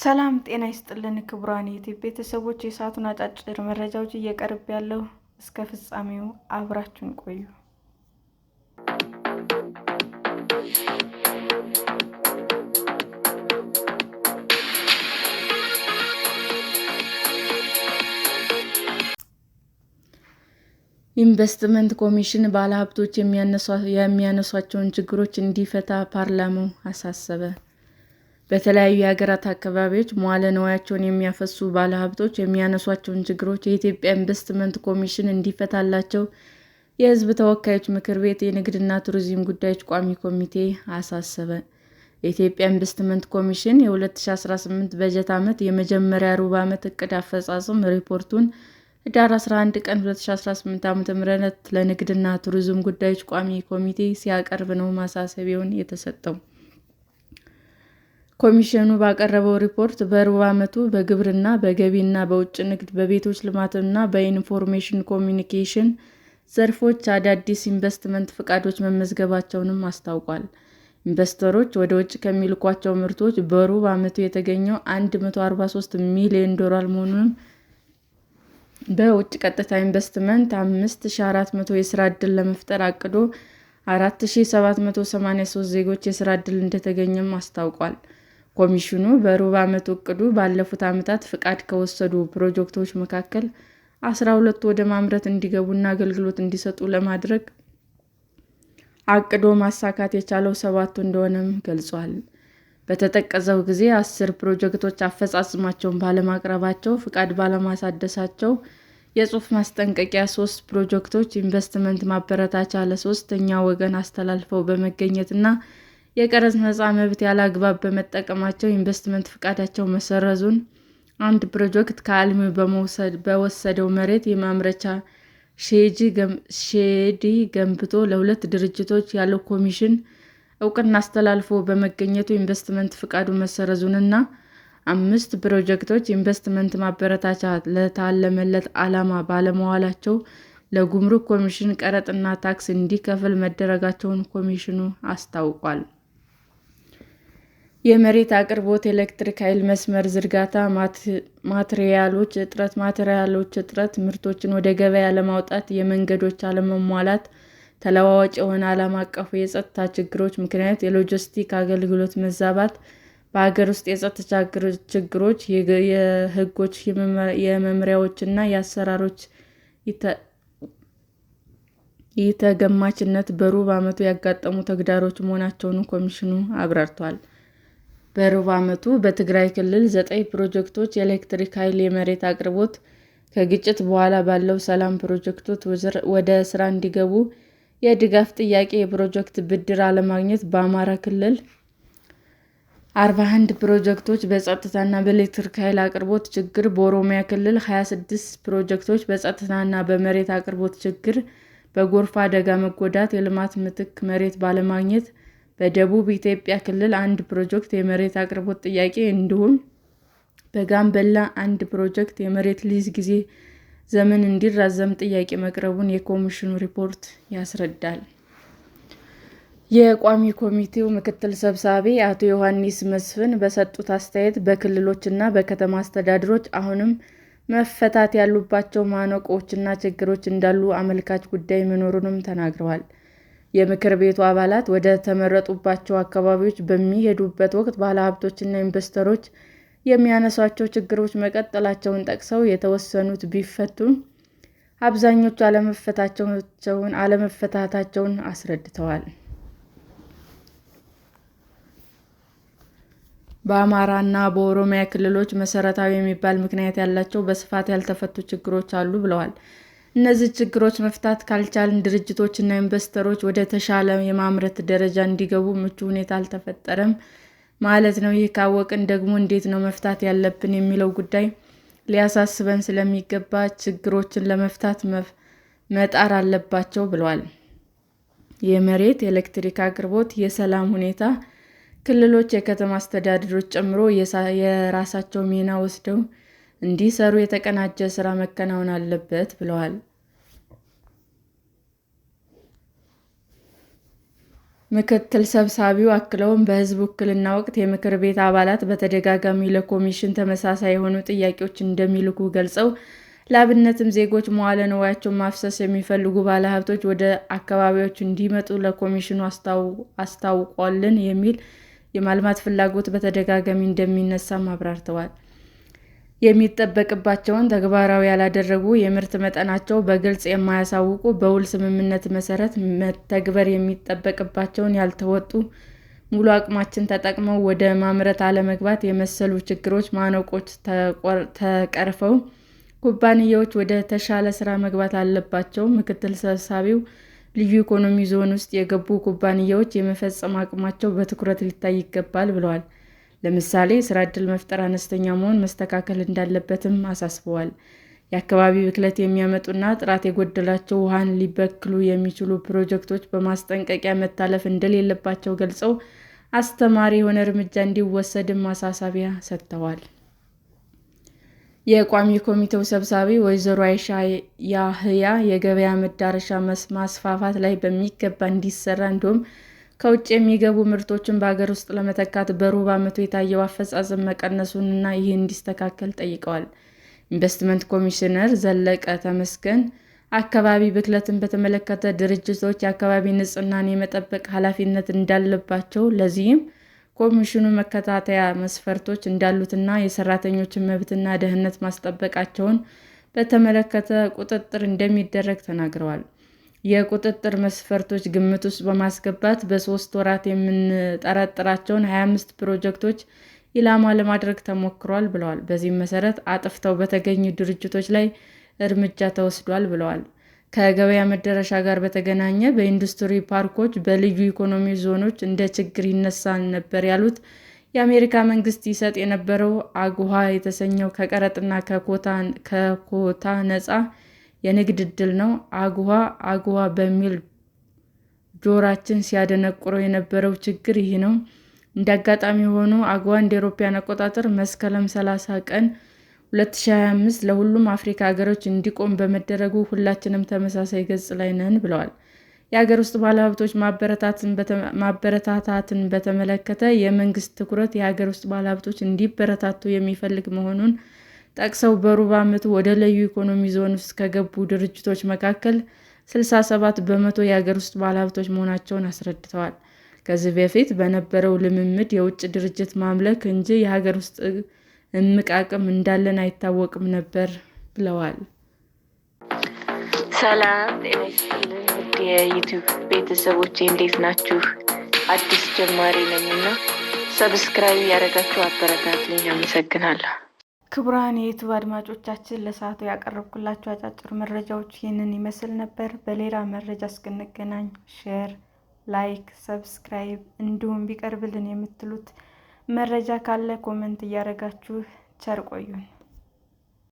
ሰላም ጤና ይስጥልን ክቡራን ዩቲ ቤተሰቦች፣ የሰዓቱን አጫጭር መረጃዎች እየቀርብ ያለው እስከ ፍጻሜው አብራችሁን ቆዩ። ኢንቨስትመንት ኮሚሽን ባለሀብቶች የሚያነሷቸውን ችግሮች እንዲፈታ ፓርላማው አሳሰበ። በተለያዩ የሀገራት አካባቢዎች መዋለ ንዋያቸውን የሚያፈሱ ባለሀብቶች የሚያነሷቸውን ችግሮች የኢትዮጵያ ኢንቨስትመንት ኮሚሽን እንዲፈታላቸው የሕዝብ ተወካዮች ምክር ቤት የንግድና ቱሪዝም ጉዳዮች ቋሚ ኮሚቴ አሳሰበ። የኢትዮጵያ ኢንቨስትመንት ኮሚሽን የ2018 በጀት ዓመት የመጀመሪያ ሩብ ዓመት ዕቅድ አፈጻጸም ሪፖርቱን ህዳር 11 ቀን 2018 ዓ.ም ለንግድና ቱሪዝም ጉዳዮች ቋሚ ኮሚቴ ሲያቀርብ ነው ማሳሰቢያውን የተሰጠው። ኮሚሽኑ ባቀረበው ሪፖርት በሩብ ዓመቱ በግብርና፣ በገቢና በውጭ ንግድ፣ በቤቶች ልማትና በኢንፎርሜሽን ኮሚኒኬሽን ዘርፎች አዳዲስ ኢንቨስትመንት ፈቃዶች መመዝገባቸውንም አስታውቋል። ኢንቨስተሮች ወደ ውጭ ከሚልኳቸው ምርቶች በሩብ ዓመቱ የተገኘው 143 ሚሊዮን ዶላር መሆኑንም በውጭ ቀጥታ ኢንቨስትመንት 5400 የስራ ዕድል ለመፍጠር አቅዶ 4783 ዜጎች የስራ ዕድል እንደተገኘም አስታውቋል። ኮሚሽኑ በሩብ ዓመት ዕቅዱ ባለፉት ዓመታት ፍቃድ ከወሰዱ ፕሮጀክቶች መካከል 12ቱ ወደ ማምረት እንዲገቡና አገልግሎት እንዲሰጡ ለማድረግ አቅዶ ማሳካት የቻለው ሰባቱ እንደሆነም ገልጿል። በተጠቀሰው ጊዜ አስር ፕሮጀክቶች አፈጻጽማቸውን ባለማቅረባቸው ፍቃድ ባለማሳደሳቸው የጽሑፍ ማስጠንቀቂያ፣ ሶስት ፕሮጀክቶች ኢንቨስትመንት ማበረታቻ ለሶስተኛ ወገን አስተላልፈው በመገኘትና የቀረጥ ነፃ መብት ያለ አግባብ በመጠቀማቸው ኢንቨስትመንት ፍቃዳቸው መሰረዙን፣ አንድ ፕሮጀክት ከአልሚ በወሰደው መሬት የማምረቻ ሼዲ ገንብቶ ለሁለት ድርጅቶች ያለው ኮሚሽን እውቅና አስተላልፎ በመገኘቱ ኢንቨስትመንት ፍቃዱ መሰረዙንና አምስት ፕሮጀክቶች ኢንቨስትመንት ማበረታቻ ለታለመለት ዓላማ ባለመዋላቸው ለጉምሩክ ኮሚሽን ቀረጥና ታክስ እንዲከፍል መደረጋቸውን ኮሚሽኑ አስታውቋል። የመሬት አቅርቦት፣ ኤሌክትሪክ ኃይል መስመር ዝርጋታ፣ ማትሪያሎች እጥረት ማትሪያሎች እጥረት፣ ምርቶችን ወደ ገበያ ለማውጣት የመንገዶች አለመሟላት ተለዋዋጭ የሆነ ዓለም አቀፉ የጸጥታ ችግሮች ምክንያት የሎጂስቲክ አገልግሎት መዛባት፣ በሀገር ውስጥ የጸጥታ ችግሮች፣ የሕጎች፣ የመመሪያዎችና የአሰራሮች ኢተገማችነት በሩብ ዓመቱ ያጋጠሙ ተግዳሮች መሆናቸውን ኮሚሽኑ አብራርቷል። በሩብ ዓመቱ በትግራይ ክልል ዘጠኝ ፕሮጀክቶች የኤሌክትሪክ ኃይል፣ የመሬት አቅርቦት፣ ከግጭት በኋላ ባለው ሰላም ፕሮጀክቶች ወደ ስራ እንዲገቡ የድጋፍ ጥያቄ የፕሮጀክት ብድር አለማግኘት በአማራ ክልል አርባ አንድ ፕሮጀክቶች በጸጥታና በኤሌክትሪክ ኃይል አቅርቦት ችግር፣ በኦሮሚያ ክልል ሀያ ስድስት ፕሮጀክቶች በጸጥታና በመሬት አቅርቦት ችግር በጎርፍ አደጋ መጎዳት፣ የልማት ምትክ መሬት ባለማግኘት፣ በደቡብ ኢትዮጵያ ክልል አንድ ፕሮጀክት የመሬት አቅርቦት ጥያቄ እንዲሁም በጋምቤላ አንድ ፕሮጀክት የመሬት ሊዝ ጊዜ ዘመን እንዲራዘም ጥያቄ መቅረቡን የኮሚሽኑ ሪፖርት ያስረዳል። የቋሚ ኮሚቴው ምክትል ሰብሳቢ አቶ ዮሐንስ መስፍን በሰጡት አስተያየት በክልሎች እና በከተማ አስተዳደሮች አሁንም መፈታት ያሉባቸው ማነቆዎችና ችግሮች እንዳሉ አመልካች ጉዳይ መኖሩንም ተናግረዋል። የምክር ቤቱ አባላት ወደ ተመረጡባቸው አካባቢዎች በሚሄዱበት ወቅት ባለሀብቶችና ኢንቨስተሮች የሚያነሷቸው ችግሮች መቀጠላቸውን ጠቅሰው የተወሰኑት ቢፈቱም አብዛኞቹ አለመፈታታቸውን አስረድተዋል። በአማራ እና በኦሮሚያ ክልሎች መሰረታዊ የሚባል ምክንያት ያላቸው በስፋት ያልተፈቱ ችግሮች አሉ ብለዋል። እነዚህ ችግሮች መፍታት ካልቻልን ድርጅቶች እና ኢንቨስተሮች ወደ ተሻለ የማምረት ደረጃ እንዲገቡ ምቹ ሁኔታ አልተፈጠረም ማለት ነው። ይህ ካወቅን ደግሞ እንዴት ነው መፍታት ያለብን የሚለው ጉዳይ ሊያሳስበን ስለሚገባ ችግሮችን ለመፍታት መጣር አለባቸው ብለዋል። የመሬት ኤሌክትሪክ አቅርቦት፣ የሰላም ሁኔታ፣ ክልሎች፣ የከተማ አስተዳደሮች ጨምሮ የራሳቸው ሚና ወስደው እንዲሰሩ የተቀናጀ ስራ መከናወን አለበት ብለዋል። ምክትል ሰብሳቢው አክለውም በሕዝብ ውክልና ወቅት የምክር ቤት አባላት በተደጋጋሚ ለኮሚሽን ተመሳሳይ የሆኑ ጥያቄዎች እንደሚልኩ ገልጸው፣ ለአብነትም ዜጎች መዋለ ንዋያቸውን ማፍሰስ የሚፈልጉ ባለሀብቶች ወደ አካባቢዎች እንዲመጡ ለኮሚሽኑ አስታውቋልን የሚል የማልማት ፍላጎት በተደጋጋሚ እንደሚነሳም አብራርተዋል። የሚጠበቅባቸውን ተግባራዊ ያላደረጉ፣ የምርት መጠናቸው በግልጽ የማያሳውቁ፣ በውል ስምምነት መሰረት መተግበር የሚጠበቅባቸውን ያልተወጡ፣ ሙሉ አቅማችን ተጠቅመው ወደ ማምረት አለመግባት የመሰሉ ችግሮች ማነቆች ተቀርፈው ኩባንያዎች ወደ ተሻለ ስራ መግባት አለባቸው። ምክትል ሰብሳቢው ልዩ ኢኮኖሚ ዞን ውስጥ የገቡ ኩባንያዎች የመፈጸም አቅማቸው በትኩረት ሊታይ ይገባል ብለዋል። ለምሳሌ ስራ እድል መፍጠር አነስተኛ መሆን መስተካከል እንዳለበትም አሳስበዋል። የአካባቢ ብክለት የሚያመጡና ጥራት የጎደላቸው ውሃን ሊበክሉ የሚችሉ ፕሮጀክቶች በማስጠንቀቂያ መታለፍ እንደሌለባቸው ገልጸው አስተማሪ የሆነ እርምጃ እንዲወሰድም ማሳሰቢያ ሰጥተዋል። የቋሚ ኮሚቴው ሰብሳቢ ወይዘሮ አይሻ ያህያ የገበያ መዳረሻ ማስፋፋት ላይ በሚገባ እንዲሰራ እንዲሁም ከውጭ የሚገቡ ምርቶችን በሀገር ውስጥ ለመተካት በሩብ ዓመቱ የታየው አፈጻጸም መቀነሱንና ይህ እንዲስተካከል ጠይቀዋል። ኢንቨስትመንት ኮሚሽነር ዘለቀ ተመስገን አካባቢ ብክለትን በተመለከተ ድርጅቶች የአካባቢ ንጽህናን የመጠበቅ ኃላፊነት እንዳለባቸው፣ ለዚህም ኮሚሽኑ መከታተያ መስፈርቶች እንዳሉትና የሰራተኞችን መብትና ደህንነት ማስጠበቃቸውን በተመለከተ ቁጥጥር እንደሚደረግ ተናግረዋል። የቁጥጥር መስፈርቶች ግምት ውስጥ በማስገባት በሶስት ወራት የምንጠረጥራቸውን 25 ፕሮጀክቶች ኢላማ ለማድረግ ተሞክሯል ብለዋል። በዚህም መሰረት አጥፍተው በተገኙ ድርጅቶች ላይ እርምጃ ተወስዷል ብለዋል። ከገበያ መዳረሻ ጋር በተገናኘ በኢንዱስትሪ ፓርኮች፣ በልዩ ኢኮኖሚ ዞኖች እንደ ችግር ይነሳ ነበር ያሉት የአሜሪካ መንግስት ይሰጥ የነበረው አጉሃ የተሰኘው ከቀረጥና ከኮታ ነፃ የንግድ እድል ነው። አጉዋ አጉዋ በሚል ጆሯችን ሲያደነቁረው የነበረው ችግር ይህ ነው። እንደ አጋጣሚ ሆኖ አጉዋ እንደ አውሮፓውያን አቆጣጠር መስከረም 30 ቀን 2025 ለሁሉም አፍሪካ ሀገሮች እንዲቆም በመደረጉ ሁላችንም ተመሳሳይ ገጽ ላይ ነን ብለዋል። የሀገር ውስጥ ባለሀብቶች ማበረታታትን በተመለከተ የመንግስት ትኩረት የሀገር ውስጥ ባለሀብቶች እንዲበረታቱ የሚፈልግ መሆኑን ጠቅሰው በሩብ ዓመቱ ወደ ልዩ ኢኮኖሚ ዞን ውስጥ ከገቡ ድርጅቶች መካከል 67 በመቶ የአገር ውስጥ ባለሀብቶች መሆናቸውን አስረድተዋል። ከዚህ በፊት በነበረው ልምምድ የውጭ ድርጅት ማምለክ እንጂ የሀገር ውስጥ እምቅ አቅም እንዳለን አይታወቅም ነበር ብለዋል። ሰላም ጤና ይስጥልን ቤተሰቦች እንዴት ናችሁ? አዲስ ጀማሪ ነኝና ሰብስክራይብ ያደረጋችሁ አበረታቱኝ። አመሰግናለሁ። ክቡራን የዩቱብ አድማጮቻችን ለሰዓቱ ያቀረብኩላቸው አጫጭር መረጃዎች ይህንን ይመስል ነበር። በሌላ መረጃ እስክንገናኝ ሼር፣ ላይክ፣ ሰብስክራይብ እንዲሁም ቢቀርብልን የምትሉት መረጃ ካለ ኮመንት እያደረጋችሁ ቸር ቆዩን።